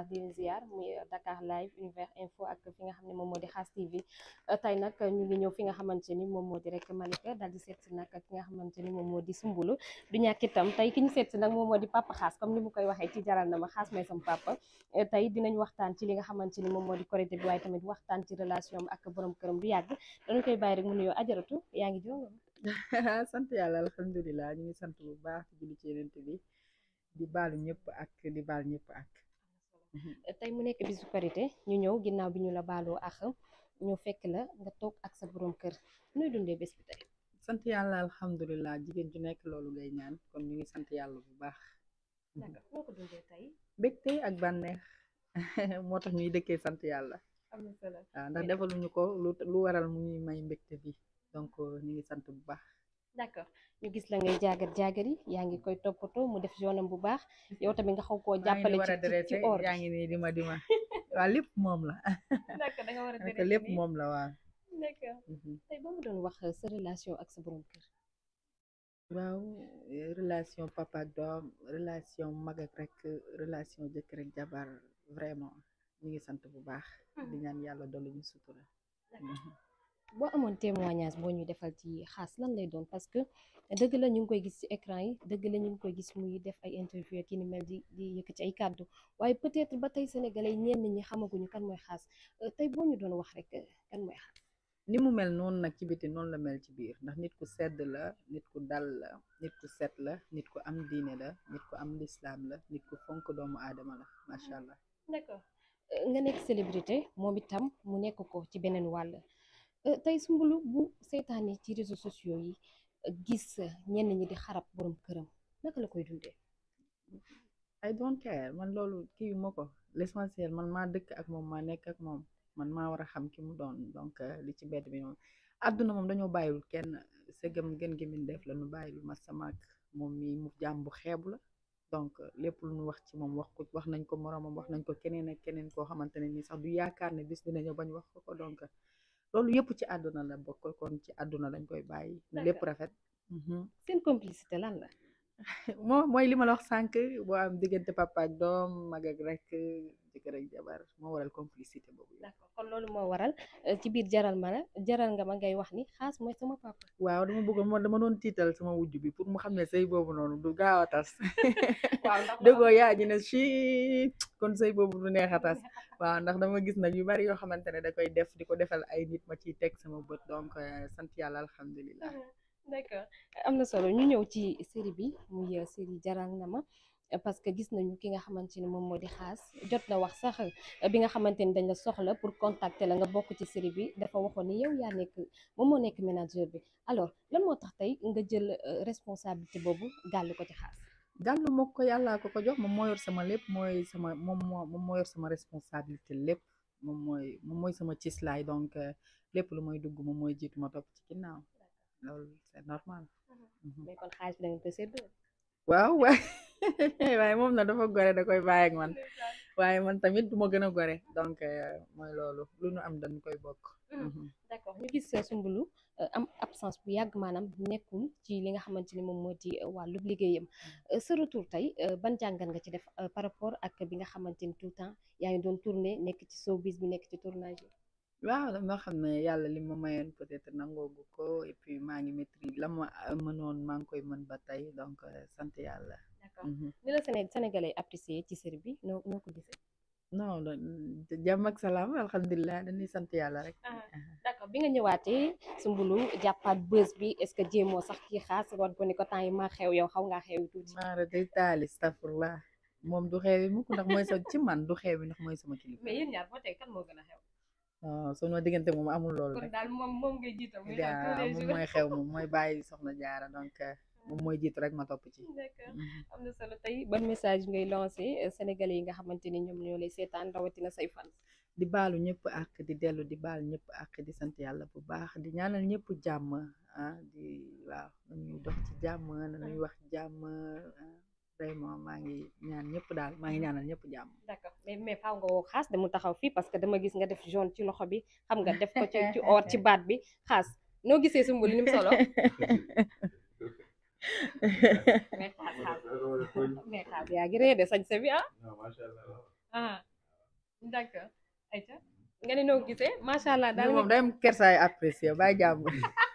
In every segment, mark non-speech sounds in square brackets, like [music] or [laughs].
baax di leen ziar muy Dakar live univers info ak fi nga xam ne moom moo di Xaas TV euh, tey nag ñu nga xamante ni ni moom moo di Soumboulou du ñàkk itam ki ñu seet si nag moom moo di papa Xaas comme ni mu koy waxee ci jaral na ma Xaas may sam papa euh, tey dinañ waxtaan ci li nga xamante ni moom moo di korité bi waaye tamit waxtaan ci relation am ak borom këram du yàgg dañu koy bàyyi rek mu nuyoo ajaratu yaa ngi jóg [laughs] sant yàlla alhamdulilah ñu ngi sant bu baax Mm-hmm. tey mu nekk bisu Korité ñu ñëw ginnaaw bi ñu la baaloo ax ñu fekk la nga toog ak sa borom kër nuy dundee bés bi tey sant yàlla alhamdulilah jigéen ju nekk loolu ngay ñaan kon ñu ngi sant yàlla bu baax noo ko dundee tey bégte ak bànneex [laughs] moo tax ñuy dëkkee sant yàlla am na solo waaw ndax defaluñu ko lu waral mu ngi may mbégte bi donc euh, ñu ngi sant bu baax d' accord ñu gis la ngay jaagar jaagar yi yaa ngi koy toppatoo mu def yoonam bu baax yow tamit nga xaw koo jàppale ci ci or yaa ngi nii dima dima waa lépp moom la [laughs] [laughs] lépp moom la waaw d' accord mhm. tey wax euh, sa ak sa borom kër waaw euh, relation papa doom relation mag ak rek relation jëkkër ak jabar vraiment ñu ngi sant bu baax hmm. di ñaan yàlla dolli ñu sutura boo amoon témoignage boo ñu defal ci xaas lan lay doon parce que dëgg la ñu ngi koy gis ci écran yi dëgg la ñu ngi koy gis muy def ay interview ak yi ni mel di di yëkk ci ay kàddu waaye peut-être ba tey sénégalais ñenn ñi xamaguñu kan mooy xaas euh, tey boo ñu doon wax rek euh, kan mooy xaas. ni mu mel noonu nag ci biti noonu la mel ci biir ndax nit ku sedd la nit ku dal la nit ku set la nit ku am diine la nit ku am lislaam la nit ku fonk doomu aadama la macha allah. d'accord euh, mu nekk ko ci beneen wàll. Euh, tey Soumboulou bu seetaanee ci réseaux sociaux yi euh, gis euh, ñenn ñi di xarab borom këram naka la koy dundee. ay don't care man loolu kii yu ma ko l'essentiel man maa dëkk ak moom maa nekk ak moom man maa war a xam ki mu doon donc li ci bedd bi moom àdduna moom dañoo bàyyiwul kenn sëgëm gën gi min def la nu bàyyiwul ma sa ak moom mii mu jaam bu xeebu la donc lépp lu ñu wax ci moom wax ko wax nañ ko moromam wax nañ ko keneen ak keneen koo xamante ne nii sax du yaakaar ne bis dina ñëw bañ wax ko ko donc. loolu yëpp ci àdduna la bokk kon ci àdduna lañ koy bàyyi lépp rafet mhm. seen complicité lan la [laughs] moo mooy li ma la wax sànq boo am diggante papa ak doom mag ak rek jëkkër ak jabar moo waral complicité boobu. d'accord moo waral euh, ci biir jaral ma jaral nga ma ngay wax ni xaas mooy sama papa. waaw dama bëggoon moom dama doon tiital sama wujj bi pour mu xam ne sëy boobu noonu du gaaw a tas. [laughs] waaw ndax [laughs] dëggoo si kon sëy boobu du neex a tas waaw ndax dama gis nag yu bari yoo xamante ne da koy def di ko defal ay nit ma ciy teg sama bët donc euh, sant yàlla alhamdulilah. d'accord am na solo ñu ñëw ci série bi muy série jaral na ma parce que gis nañu ki nga xamante ni moom moo di xaas jot na wax sax bi nga xamante ni dañ la soxla pour contacter la nga bokk ci série bi dafa waxoon ni yow yaa nekk moom moo nekk manager bi alors lan moo tax tey nga jël euh, responsabilité boobu gàll ko ci xaas. gàll moo ko yàllaa ko ko jox moom moo sama lépp mooy sama moom moo moom moo yor sama responsabilité lépp moom mooy moom mooy sama cislaay donc euh, lépp lu mooy dugg moom mooy jiitu ma topp ci ginnaaw. loolu c'est normal. Mhm. mais kon xaalis bi da ngeen ko waaw [laughs] waaye moom na dafa gore da koy bàyyi ak man waaye man tamit du ma gën a gore donc euh, mooy loolu lu nu am dañ koy bokk. Mhm. Mhm. d'accord ñu gis euh, Soumboulou euh, am absence bu yàgg maanaam nekkul ci li nga xamante ni moom moo di wàllu liggéeyam sa tey ban jàngat nga ci def par rapport ak bi nga xamante ni tout le temps yaa ngi doon tourner nekk ci showbiz bi nekk ci tournage yi. waaw dama xam ne yàlla li ma mayoon peut-être nangoogu ko maa ngi maîtrise la ma euh, mënoon maa ngi koy mën ba tey donc euh, sant yàlla. d'accord mhm. ni la Sénégalais apprécié ci série bi noo noo ko gisee. non ak salaam alhamdulilah dañuy sant yàlla rek. Ah, mhm. bi nga ñëwaatee Soumboulou jàppaat bës bi est-ce que jéemoo sax ki xaas war ko ni ko temps yi maa xew yow xaw ngaa xew tuuti. maara day taali astafurlah moom du xewi mukk ndax mooy sax ci man du xewi ndax mooy sama kilifa. soo ma diggante moom amul loolu rek kon daal moom moom ngay jiitu mooy xew mooy [laughs] bàyyi soxna jaara donc euh, moom mooy jiitu rek ma topp ci. Mhm. tey ban message ngay lancé euh, sénégalais yi nga xamante ni ñoom ñoo lay seetaan rawatina say fan. di baalu ñëpp ak di dellu di baal ñëpp ak di sant yàlla bu baax di ñaanal ñëpp jàmm ah di waaw nañuy dox ci jàmm nañuy wax jàmm. Ah. vraiment maa ngi ñaan ñëpp daal maa ngi mm-hmm. ñaanal ñëpp jàmm. d'accord mais mais nga woo xaas dama taxaw fii parce que dama gis nga def jaune ci loxo bi xam nga def ko ci ci ci baat bi xaas noo gisee su mbul ni mu solo. [laughs] yaa ngi ree sañ sa ah. ah nga ne noo gisee macha allah daal moom day am kersaay apprécié bàyyi jàmm. [laughs]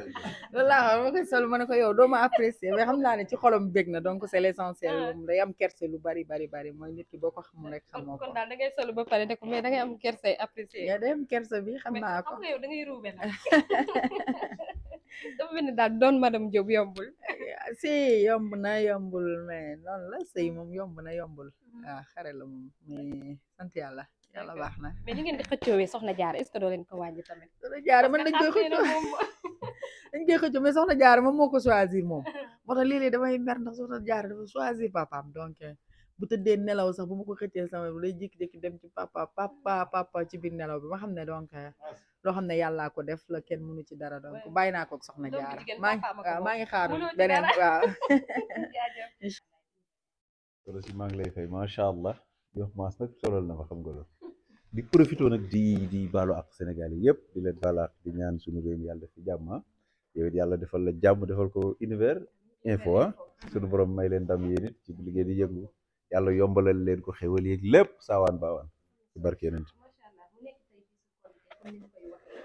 loolu laa xam ma koy sol ma ne ko yow doo ma apprécier mais xam naa ne ci xolom bég na donc c'est l'essentiel ah. moom day am kerse lu bari bari bari mooy nit ki boo ko xamul rek xamoo ko kon daal sol ba pare ne ko mais da am kerse apprécier yaa day am kerse bi xam naa ko xam nga yow da ruube nag [laughs] dafa mel ni daal doon madame Diop yombul ah, si yomb na yombul mais noonu la sëy moom yomb na yombul waaw mm. ah, xare la moom mais sant yàlla yàlla baax na mais ni ngeen di xëccoowee soxna jaar est ce que doo leen ko wàññi tamit soxna jaar man dañ koy xëccoo [laughs] dañ koy xëccoo mais soxna jaar moom moo ko choisir moom [laughs] moo tax léeg-léeg damay mer ndax soxna jaar dafa choisir papaam donc eh, bu tëddee nelaw sax bu ma ko xëccee sama bu lay jékki-jékki dem ci papa papa mm. papa ci biir nelaw bi ma xam ne donc eh, ah. loo xam ne yàllaa ko def la kenn mënu ci dara donc bàyyi naa ko soxna jaara maa ngi waaw maa ngi xaaru beneen waaw [laughs] solo si maa ngi lay fay macha allah jox maas nag solol na ma xam nga loolu di profité nag di di baalu ak Sénégal yi yëpp di leen baalaat di ñaan suñu réew yàlla def jàmma jàmm ah. yàlla defal la jàmm defal ko univers info ah suñu borom may leen ndam yéen it ci liggéey di yëngu yàlla yombalal leen ko xéwal yeeg lépp saawaan baawaan ci barke yonent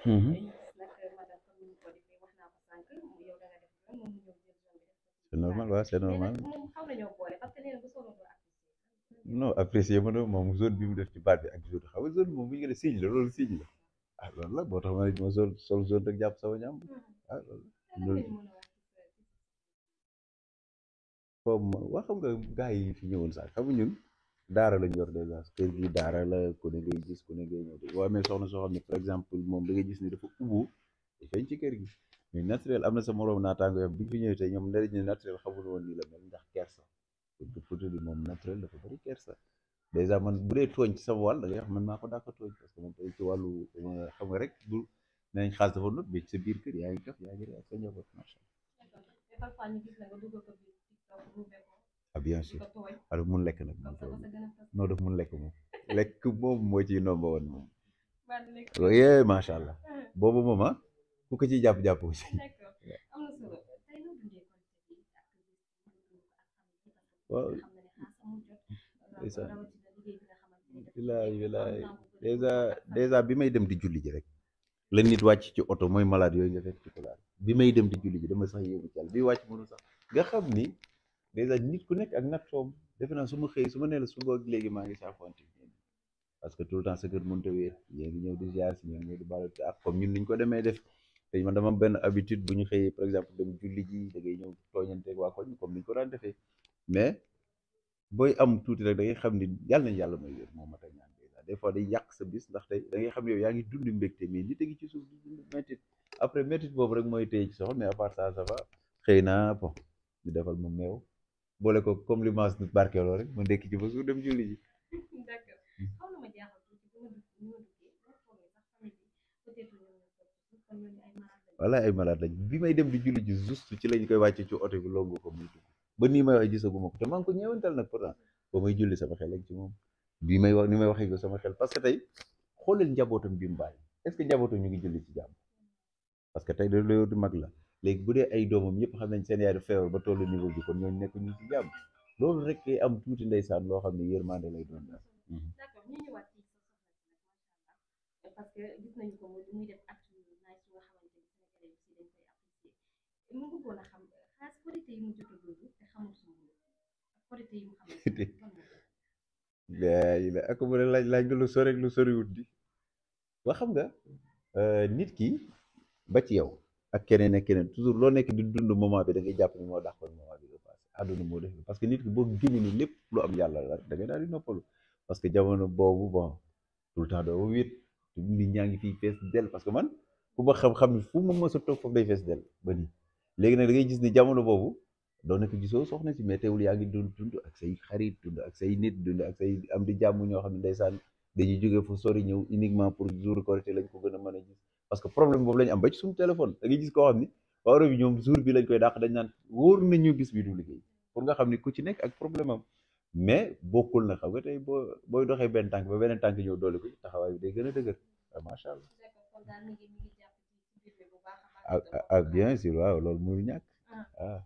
mm-hmm. c'est non apprécier ma ne moom zone bi mu def ci baat bi ak zone xam nga zone moom bu ñu ko la loolu signe la ah loolu la boo tax ma ne ma sol sol zone rek jàpp ah, xam nga gars yi fi ñëwoon sax xam nga ñun daara lañ yor dèjà kër gi daara la ku ne ngay gis ku ne ngay ñëw boo amee soxna soo xam ne exemple moom da ngay gis ni dafa ubbu feeñ ci kër gi mais naturel am na sa moroom naataango yam bi fi ñëwee tey ñoom ndariñ ne naturel xamul woon nii la mel ndax kersa pour bi moom naturel dafa bëri man bu dee tooñ man maa ko daa ci wàllu xam nga rek ci biir kër yaa ngi kaf yaa ngi ah, ah, mun lekk nag moom tooñ non daf mun lekk moom lekk moom moo ciy nomba woon moom yee macha allah [laughs] boobu moom ah ku ko ciy jàpp-jàpp aussi waaw bilaay bilaay dèjà dèjà bi may dem di julli ji rek la nit wàcc ci oto mooy malade yooyu nga fekk ci kulaar bi may dem di julli ji dama sax yéegu jàll bi wàcc mënu sax nga xam ni dèjà nit ku nekk ak nattoom defe naa su ma xëy su ma nee la suba ak léegi maa ngi saafonte parce que tout temps sa kër mënut a wéet yéen ngi ñëw di ziar si ñoom ñëw di baal ak comme ñun niñ ko demee def te man dama benn habitude bu ñu xëyee par exemple dem julli ji da ngay ñëw tooñanteeg waa ko daan defee mais booy am tuuti rek da ngay xam ni yàlla nañ yàlla moo mat a ñaan day yàq sa bis da ngay xam yow yaa ngi dund mbégte mais li tegi ci suuf di après métit boobu rek mooy téye ci soxal mais à part ça ça xëy na bon ñu defal ma meew boole ko comme li maas nu barkeeloo rek ma ndekki ba suur dem julli ji mm. wala ay malade lañ bi may dem di julli ji juste ci lañ koy wàcce ci oto bi longu ko muy dugg ba nii may waxee gisaguma ko te maa ngi ko ñeewantal nag pourtant ba may julli sama xel ak ci moom bi may wax ni may waxee ko sama xel parce que tey xoolal njabootam bi mu bàyyi est-ce que njabootam ñu ngi julli ci jàmm parce que tey da du mag la léegi bu dee ay doomam ñëpp xam nañ seen yaay ba tollu niveau bi kon ñooñu nekk loolu rek day am tuuti ndeysaan loo xam ne yërmande lay doon daal. Mhm. d'accord ni mu bëggoon xam xaas korité ak korité la [laughs] ak mu ne laaj laaj nga lu sori ak lu soriwut di waa xam nga euh, nit ki ba ci yow ak keneen ak keneen toujours loo nekk di dund moment bi da ngay jàpp ni moo dàqoon moment bi parce que nit ki boo génne ni lépp lu am yàlla la da ngay daal di noppalu parce que jamono boobu bon tout le temps doo wéet ñaa ngi fi fees dell parce que man ku ma xam-xam ni fu ma mës a toog foofu day fees dell ba nii léegi nag da ngay gis ni jamono boobu doon na gisoo soxna si mais teewul yaa ngi dund dund ak say xarit dund ak say nit dund ak say am di jàmm ñoo xam ne saan dañuy jógee fu sori ñëw uniquement pour jour korité lañ ko gën a mën a gis parce que problème boobu lañ am ba ci suñu téléphone da gis koo xam ni waa Europe bi ñoom jour bi lañ koy dàq dañ naan wóor nañu bis bi du liggéey pour nga xam ni ku ci nekk ak problème am mais bokkul na xam nga tey boo booy doxee benn tànk ba beneen tànk ñëw doole ko taxawaay bi day gën a dëgër macha allah ak ak bien sûr waaw loolu ñàkk waaw.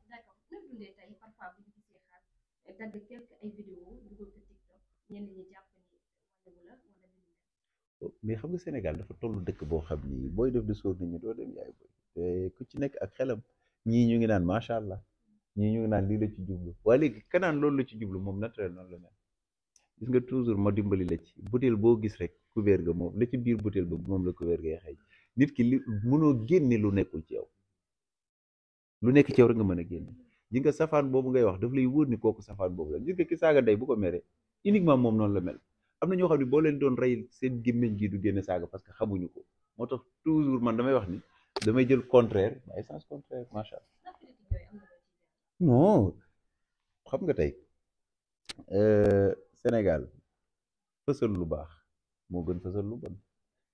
mais xam nga Sénégal dafa tollu dëkk boo xam ni booy def di sóor nit ñi doo dem yaay booy ku ci nekk ak xelam ñii ñu ngi naan macha allah ñii ñu ngi naan lii la ci jublu waaye léegi kanaan lool la ci jublu moom naturel noonu la mel gis nga toujours ma dimbali la ci butéel boo gis rek couvert ga moom la ci biir butéel ba moom la couvert gay xëy nit ki li mënoo génne lu nekkul ci yow lu nekk ci yow rek nga mën a génne ji nga safaan boobu ngay wax daf lay wóor ni kooku safaan boobu la gis nga ki saaga ndey bu ko meree uniquement moom noonu la mel am na ñoo xam ne boo leen doon rey seen gémmiñ gi du génne saaga parce que xamuñu ko moo tax toujours man damay wax ni damay jël contraire ay sens contraire macha allah non xam nga tey euh, Sénégal fësal lu baax moo gën fësal lu bon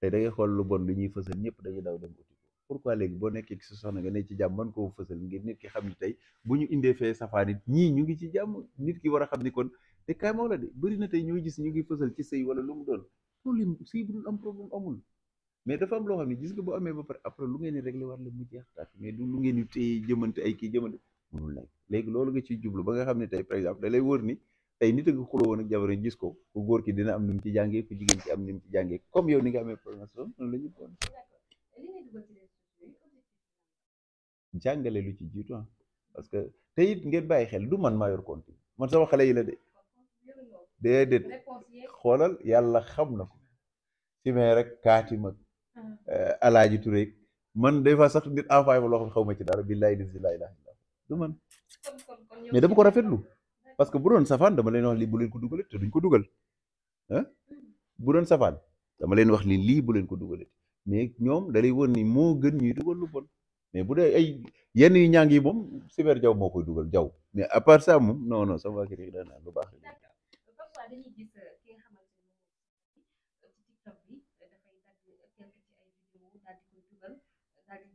tey da ngay xool lu bon lu ñuy fësal ñëpp dañuy daw dem uti ko pourquoi léegi boo nekkee ci soxna nga ne ci jàmm man koo fësal ngir nit ki xam tey bu ñu indee fee safaan ñu ngi ci jàmm nit ki war a xam ni kon te kaay moo la de bëri na tey ñoo gis ñu ngi fësal ci sëy wala lu mu doon problème sëy bu dul am problème amul mais dafa am loo xam ne gis nga boo amee ba pare après lu ngeen di réglé war la mu jeex tàkk mais du lu ngeen di téye jëmante ay kii jëmante munul nekk léegi loolu nga ciy jublu ba nga xam ne tey par exemple da lay ni tey nit a xuloo woon ak jabaram gis ko ku góor ki dina am nu mu ci jàngee ku jigéen ci am ni mu ci jàngee comme yow ni nga amee formation noonu la ñu ko jàngale lu ci jiito ah parce que te it ngeen bàyyi xel du man maa yor compte man sama la de yàlla xam na ko si mee rek kaati mag eh, alaaji Touré man des fois sax nit envoyé ma xaw ma ci dara billahi di si laa ilaha parce que bu doon safaan dama leen wax lii bu ko dugalee te duñ ko dugal ah doon safaan dama leen wax lii lii bu leen ko dugalee mais ñoom da lay won moo gën ñuy dugal lu bon mais bu dee ay yenn yu ñàng yi moom Sibère Diaw moo koy dugal Diaw mais à part ça moom non non sama kër yi daan lu baax euh,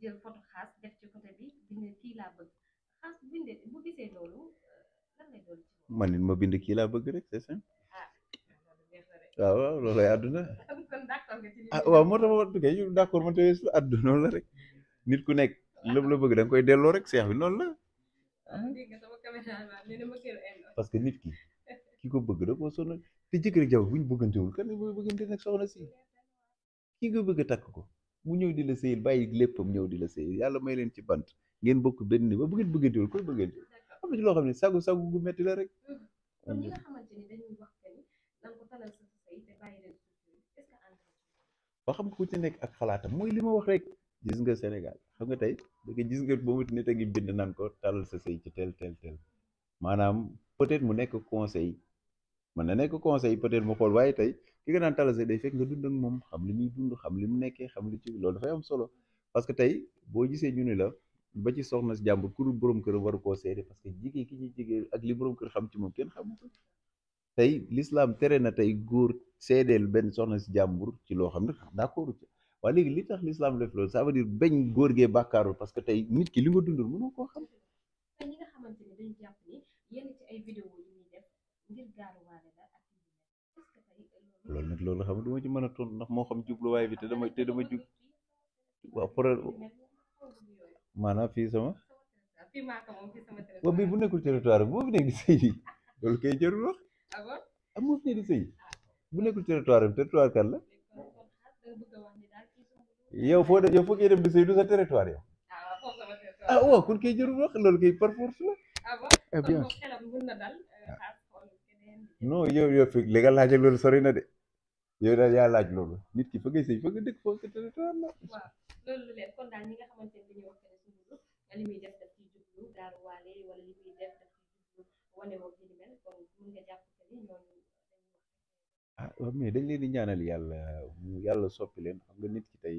euh, jël photo man it ma bind kii laa bëgg rek c'est waaw waaw loolooy àdduna ah waaw moo tax ma war kay d'accord ma tey àdduna noonu la rek nit ku nekk lépp la bëgg da koy delloo rek seex bi noonu la parce que nit ki ki ko bëgg da koo sonal te jëkkër ak jabar bu ñu bëggantewul kan bu bëggante nag soxna si ki nga bëgg takk ko mu ñëw di la sëyil bàyyi léppam ñëw di la sëyil yàlla may leen ci bant ngeen bokk benn ba bu ngeen bëggantewul koy bëggantewul am loo xam ne sagu sagu gu metti la rek. Mm-hmm. ba xam nga ku ci nekk ak xalaatam mooy li ma wax rek gis nga Sénégal xam nga tey da nga gis nga boobu nit a ngi bind nan ko talal sa sëy ci tel tel tel maanaam peut mu nekk conseil mën na nekk conseil peut-être mu xool waaye tey ki nga naan talal sa day fekk nga dund ak moom xam li muy dund xam li mu nekkee xam li ci loolu dafay am solo parce que tey boo gisee ñu la. ba ci soxna si jàmbur ku dul borom kër waru koo seede parce que jigéen ki ñuy jigéen ak li borom kër xam ci moom kenn xamu tey lislaam tere na tey góor seedeel benn soxna si jàmbur ci loo xam ne ah, d'accord ci waaye léegi li tax lislaam def loolu ça góor gee bàkkaarul parce que tey nit ki li nga dundul mënoo ci ay loolu nag loolu xam ne du ma ci mën a ton ndax moo xam jubluwaay bi te dama te dama maana fii sama. waaw bii bu nekkul territoire moo fi nekk di moo fi bu nekkul territoire am territoire kan la. yow foo de yow foo koy dem di sëy du sa territoire yow. Ah, ah, kon kay jarul wax loolu kay la. Ah eh euh, non yow yow fi li nga laaj ak loolu de yow daal yaa laaj loolu nit ki fa ngay sëy fa nga dëkk foofu sa territoire la. li muy def ah, mais dañ leen di ñaanal yàlla yàlla soppi leen xam nga nit ki tey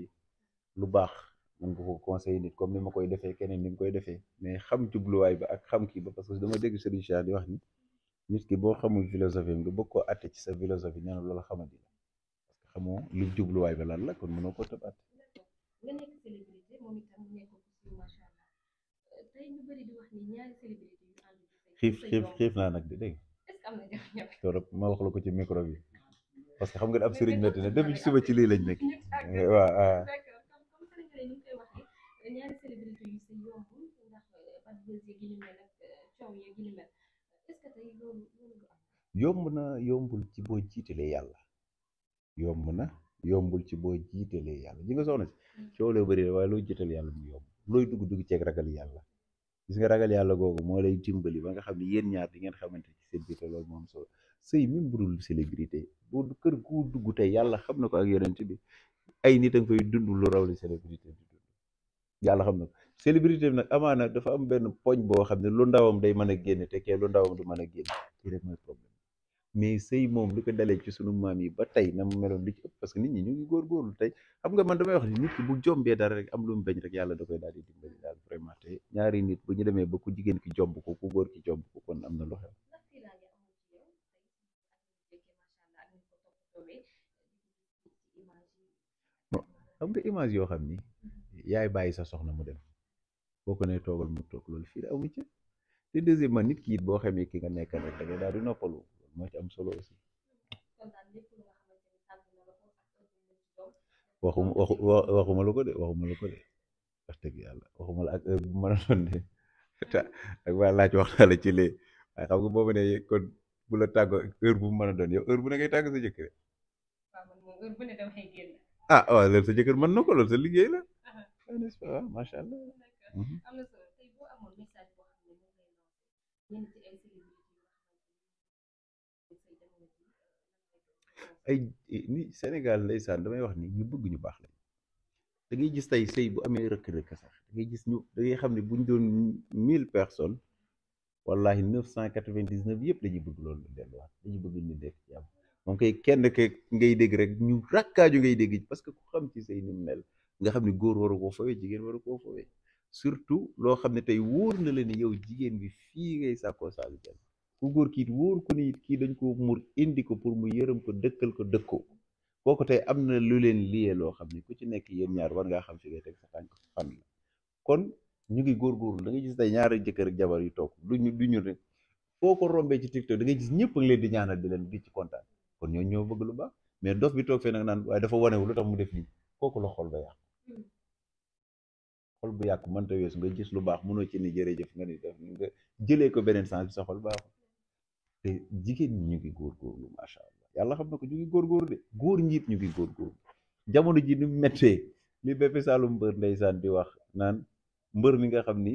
lu baax mën nga ko conseiller nit comme ni ma koy defee keneen ni mu koy defee mais xam jubluwaay ba ak xam kii ba parce que dama dégg Serigne Cheikh di wax ni nit ki boo xamul philosophie nga bëgg koo atte ci sa philosophie nee na loolu xamadi la parce que xamoo li jubluwaay ba lan la kon mënoo ko tëb atte naa nag di dégg la ko ci micro bi parce que xam nga ab sëriñ na depuis ci suba ci lii lañ nekk eh, waaw ah. waaw euh, euh, yomb na yombul ci boo jiitalee yàlla yomb na yombul ci boo jiitalee yàlla ji nga soxna si mm. coow la bëri waaye loo jiital yàlla mu yomb looy dugg dugg ceeg ragal yàlla gis nga ragal yàlla googu moo lay dimbali ba nga xam ne yéen ñaar di ngeen xamante ci seen biir loolu moom solo sëy même bu dul célébrité bu kër gu dugg tey yàlla xam na ko ak yeneen yonent bi ay nit a nga koy dund lu raw li célébrité di dund yàlla xam na ko célébrité bi nag amaana dafa am benn poñ boo xam ne lu ndawam day mën a génn te kee lu ndawam du mën a génn ci rek mooy problème mais sëy moom lu ko dalee ci sunu maam yi ba tey na mu meloon lu ci ëpp parce que nit ñi ñu ngi góorgóorlu tey xam nga man damay wax ni nit ki bu dara rek am lu mu bañ yàlla da daal di dimbali daal vraiment te ñaari nit bu ñu demee ba jigéen ki jomb ko ku góor ki jomb ko kon am na lu xew xam nga image yoo xam ni yaay bàyyi sa soxna mu dem boo ko ne toogal mu toog loolu fii da amu ci te deuxièmement nit ki it boo xemee ki nga nekkan rek daal di noppalu moo ci am solo waxu waxuma la de waxuma la de wax dëgg yàlla waxuma la ak heure bu doon de [laughs] ak waa laaj waxtaan la ci lee xam nga boobu ne kon bu la tàggoo heure a doon yow heure bu ne ngay tàgg sa jëkkër ah waaw sa jëkkër mën na ko sa liggéey la ah, nest ay ni Sénégal ndeysaan damay wax ni ñu bëgg ñu baax lañ da ngay gis tey sëy bu amee rëkk-rëkk sax da ngay gis ñu da ngay xam ne bu ñu doon mille personnes wallahi neuf cent quatre-vingt-dix-neuf yëpp dañuy bëgg loolu lu delluwaat dañuy bëgg ñu nekk ci am moom kay kenn ke ngay dégg rek ñu rakkaaju ngay dégg parce que ku xam ci sëy ni mu mel nga xam ni góor waru koo fawee jigéen waru koo fawee surtout loo xam ne tey wóor na leen ne yow jigéen bi fii ngay sàkkoo saagu ku góor ki it wóor ko ni it kii dañ ko muur indi ko pour mu yërëm ko dëkkal ko dëkkoo kooku tey am na lu leen liyee loo xam ne ku ci nekk yéen ñaar war ngaa xam si teg sa tànk fan kon ñu ngi góorgóorlu da nga gis tey ñaari jëkkër jabar yu toog du ñu du ñu foo ko rombee ci TikTok da gis ñëpp a di ñaanal di leen di ci kontaan ñoo ñoo bëgg lu baax mais dof bi toog fee nag naan waaye dafa wanewu lu mu def nii kooku la xol ba yàqu xol bu yàqu mënta weesu nga gis lu baax mënoo ci ni jërëjëf nga ni def nga jëlee ko beneen sens bi sa xol baax jigéen ñi ñu ngi góorgóorlu macha allah yàlla xam na ko ñu ngi góorgóorlu de góor njiit ñu ngi góorgóorlu jamono ji ni mu méttee li bépp Saalum mbër ndeysaan di wax naan mbër mi nga xam ni